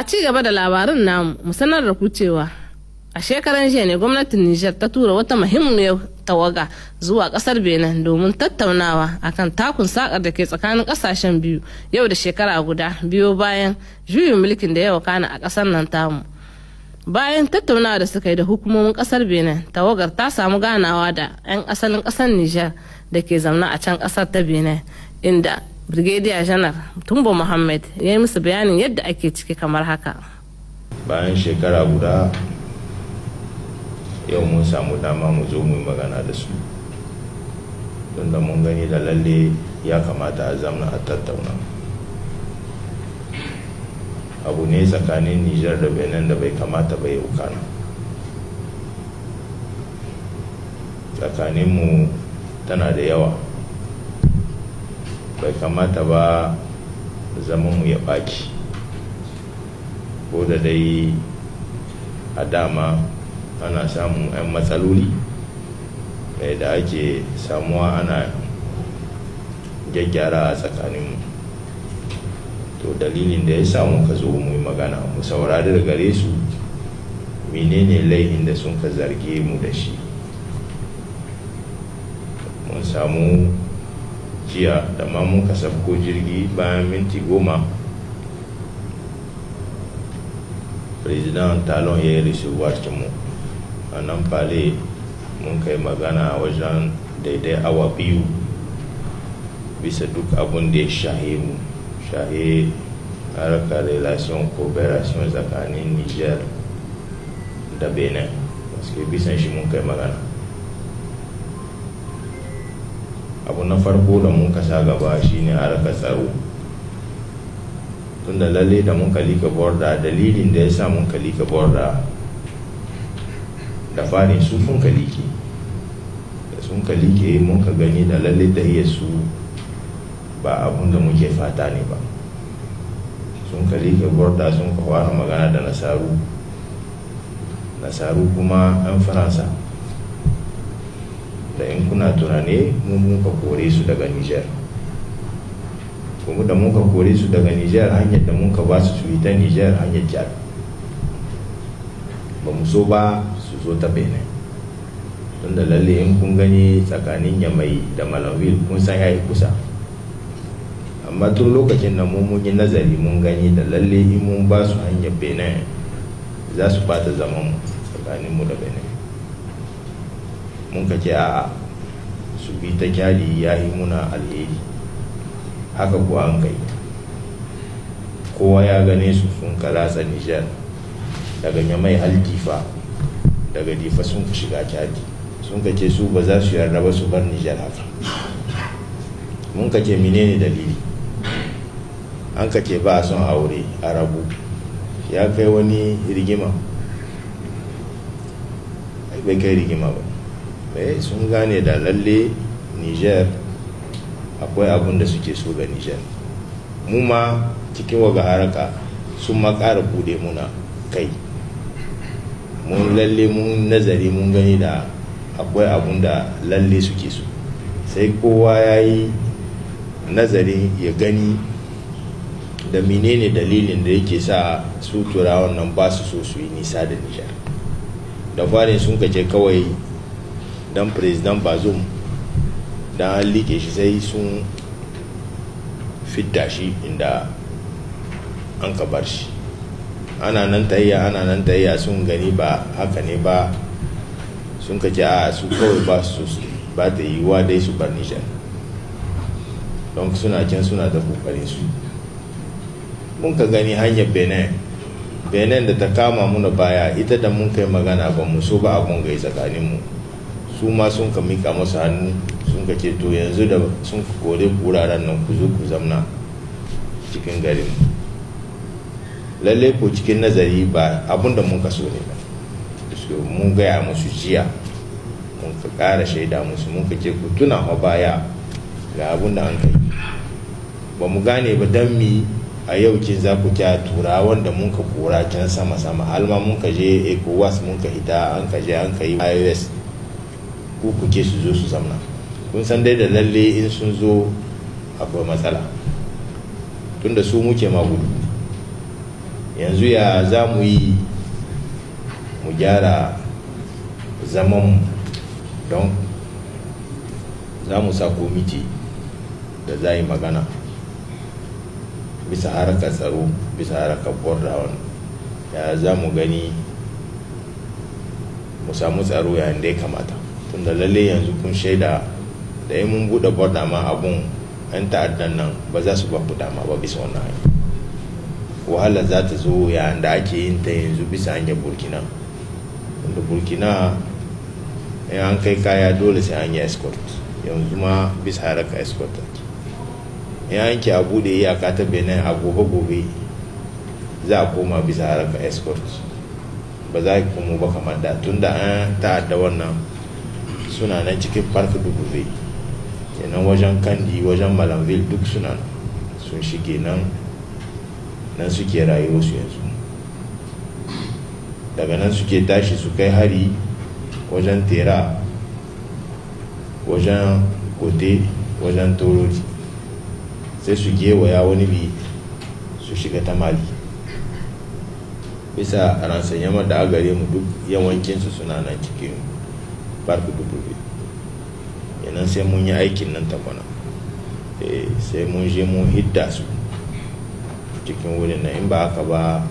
A ci gaba da labarin namu, mu sanar da ku cewa a shekaran jiya ne gwamnatin Nijar ta tura wata muhimmiyar tawaga zuwa kasar Benin domin tattaunawa akan takun sakar da ke tsakanin kasashen biyu yau da shekara guda biyo bayan juyin mulkin da ya kana a kasar nan tamu. Bayan tattaunawa da suka yi da hukumomin kasar Benin, tawagar ta samu ganawa da 'yan asalin kasar Nijar da ke zamna a can kasar ta Benin inda brigadier janar tumbo muhammad ya yi musu bayanin yadda ake ciki kamar haka bayan shekara guda yau mun samu dama mu zo mu magana da su tunda mun gani da lalle ya kamata a zamna a tattauna abu ne tsakanin nijar da benin da bai kamata bai ukana tsakaninmu tana da yawa bai kamata ba zaman mu ya baki ko da dai a dama ana samun 'yan matsaloli mai da ake samuwa ana gyaggyara a tsakaninmu to dalilin da ya samu ka zo mu magana mu saurari da gare su menene laihin da sun ka zarge mu da shi mun samu jiya da ma muka ko jirgi bayan minti goma president talon ya yi risuwar mu a nan fale mun kai magana wajen daidai awa biyu bisa duk abun da ya shahe mu shahe harkar relation cooperation tsakanin niger da benin suke bisan shi mun kai magana abu na farko da mun ka sha gaba shine harkar tsaro tunda lalle da mun kalika borda dalilin da ya sa mun kalika borda da fari su sun kalike da sun kalike mun ka gani da lalle da iya su ba abun da muke fata ne ba sun kalike borda sun ka fara magana da nasaru nasaru kuma 'yan faransa da in kuna tunane mu muka kore su daga niger kuma da muka kore su daga niger hanyar da muka ba su ta niger hanyar jihar ba mu so ba su zo ta benin don da lalle in kun gani tsakanin yamai da malawil kun san ya yi kusa amma tun lokacin da mun yi nazari mun gani da lalle in mun ba su hanyar benin za su bata zama mu tsakanin mu da benin mun ka ce a'a su bi ta kyali ya yi muna alheri haka ku an kai kowa ya gane su sun kalatsa nijar daga nyamai aljifa daga difa sun ka shiga kyali sun ka ce su ba za su yarda ba su bar nijar haka mun ka ce menene dalili an ka ce ba a son aure a rabu ya kai wani rigima bai kai rigima ba mai eh, sun gane da lalle niger akwai abun da suke so ga niger mu ma cikin waga haraka sun ma ƙara bude muna kai mun lalle mun nazari mun gani da akwai abun da lalle suke so sai kowa ya yi nazari ya gani da menene dalilin da yake sa su turawan nan ba su so su yi nisa da nijar da farin sun kace kawai dan president bazum da an liƙe shi sai sun fidda shi inda an ka bar shi ana nan tayya ana nan tayya sun gani ba haka ne ba sun ka ce a su kawai ba su ba ta yiwuwa dai su bar nijar don suna can suna ta kokarin su mun ka gani hanyar benin benin da Takama, kama muna baya ita da mun kai magana ba mu so ba abun gai tsakaninmu mu su ma sun ka mika masu hannu sun ka ce yanzu da sun ka kore wuraren nan ku zo ku zamna cikin garin lalle ko cikin nazari ba abun da mun kaso ne ba mun gaya musu jiya mun ka ƙara shaida musu mun ka ce ku tuna ma baya ga abun da an kai ba mu gane ba don mi a yau ce za ku kya tura wanda mun ka kora can sama sama alma mun ka je ecowas mun ka hita an ka je an ka yi ios ko ku ke su zo su zamna kun san dai da lalle in sun zo akwai matsala tunda su muke magudu yanzu ya za mu yi mu gyara zaman don za mu sa komiti da za yi magana bisa harkar tsaro bisa harkar bordawan ya za mu gani mu samu tsaro yayin da ya kamata tunda lalle yanzu kun shaida da yi mun buɗe borda ma abun 'yan ta'addan nan ba za su baku dama ba bisa wannan hanyar wahala za ta zo yayin da ake yin ta yanzu bisa hanyar burkina wanda burkina in an kai kaya dole sai an yi escort yanzu ma bisa haraka escort ake an ke a yi a kata benin a gobe-gobe za a koma bisa haraka escort ba za a komo ba kamar da tun da an ta'adda wannan suna nan cikin park zai kenan wajen kandi wajen malamville duk suna sun shige nan nan suke rayuwarsu yanzu daga nan suke tashi su kai hari wajen tera wajen kote wajen toroji sai su gewaya wani bi su shiga ta mali bisa ransanyama da agare mu duk yawancinsu suna nan cikin barku dubbe kenan sai mun yi aikin nan ta kwana eh, sai mun je mun hidda su cikin wurin na in ba haka ba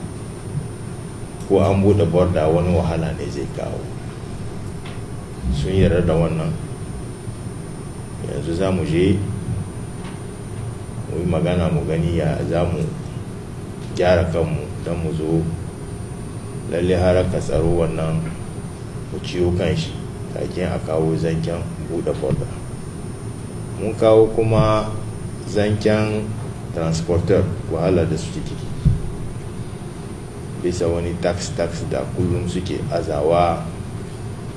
ko an bude borda wani wahala ne zai kawo sun yarda da wannan yanzu za mu je mu magana mu gani ya za mu gyara kanmu don mu zo lalle haraka tsaro wannan mu ciwo kan shi kakin a kawo zancen buɗe borda mun kawo kuma zancen transporter wahala da su ciki bisa wani tax-tax da kullum suke azawa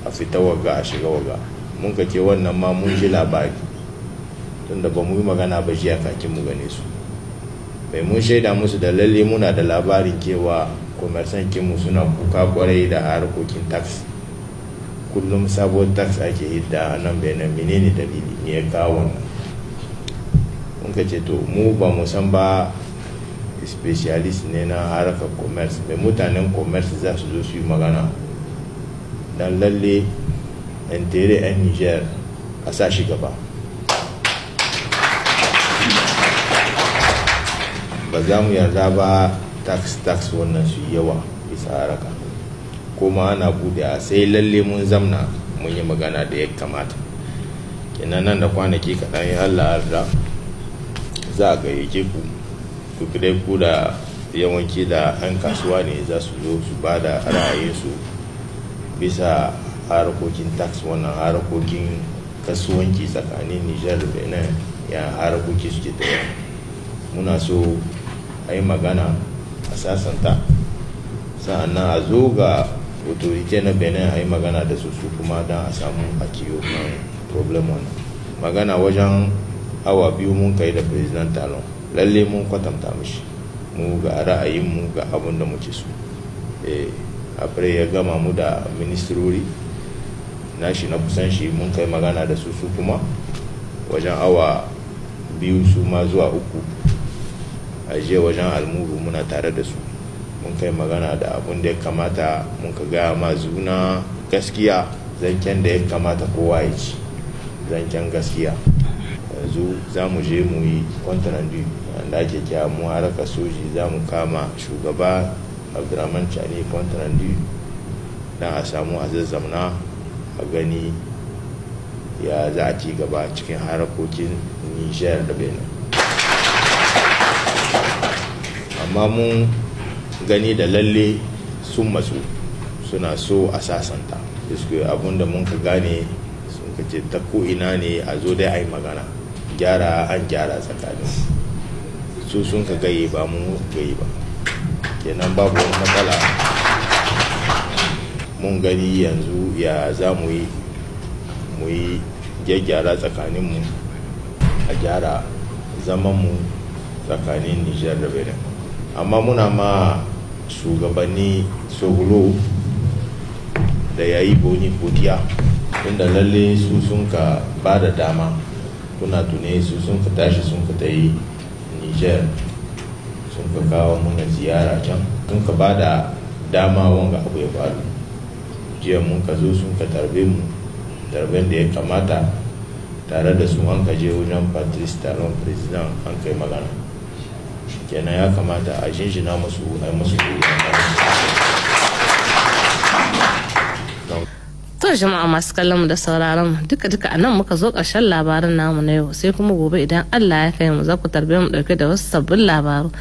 a fita waga a shiga waga mun ka ce wannan ma mun ji labari tunda ba mu yi magana ba jiya kakin mu gane su bai mun shaida musu da lalle muna da labarin cewa kwamarsan kinmu suna kuka kwarai da harkokin taxi kullum sabuwar tax ake hidda a nan benin menene dalili ne ya kawo mun ka ce to mu ba mu san ba specialist ne na harkar commerce mai mutanen commerce za su zo su yi magana don lalle intere 'yan niger a sa shi gaba ba za mu yarda ba tax tax wannan su yawa bisa haraka koma ana bude a sai lalle mun zamna mun yi magana da ya kamata kenan nan da kwanaki kaɗan ya Allah arda za a gayyace ku ku ku da yawanci da 'yan kasuwa ne za su zo su ba da ra'ayinsu bisa harkokin tax wannan harkokin kasuwanci tsakanin nijar da benin ya harkoki suke tafiya muna so a yi magana a sasanta sa'annan a zo ga autorite na benin a yi magana da su su kuma don a samu a kiyo kan problem wani magana wajen awa biyu mun kai da president talon lalle mun kwatanta mishi mu ga ra'ayin mu ga abin da muke so eh, abre ya gama mu da ministrori nashi na kusan shi mun kai magana da su su kuma wajen awa biyu su ma zuwa uku a wajen almuru muna tare da su mun kai magana da abun da ya kamata mun ka gaya ma zuna gaskiya zancen da ya kamata kowa ya ci zancen gaskiya yanzu za mu je mu yi kwantanandu wanda ake kya mu haraka soji za mu kama shugaba abdurrahman chani kwantanandu don a samu a zazzamna a gani ya za a ci gaba cikin harakokin nijar da benin amma mun gani da lalle sun matsu suna so a sasanta iske abinda da mun ka gane sun ka ce ta ko'ina ne a zo dai a yi magana gyara an gyara tsakanin su sun ka gaye ba mu gaye ba kenan babu wani matsala mun gani yanzu ya za mu yi mu yi gyaggyara mu a gyara mu tsakanin nijar da benin amma muna ma shugabanni shagulu da ya yi boni godiya inda lalle su sun ka ba da dama kuna tune su sun ka tashi sun ka ta yi niger sun ka kawo muna ziyara can sun ka ba da dama wanga abu ya faru jiya mun ka zo sun ka tarbe mu tarben da ya kamata tare da su an ka je wajen patrice talon president an kai magana kenan ya kamata a jinjina musu a yi musu to jama'a masu kallon mu da sauraron mu duka duka a nan muka zo ƙarshen labarin namu na yau sai kuma gobe idan allah ya kai mu za ku tarbe mu ɗauke da wasu sabbin labaru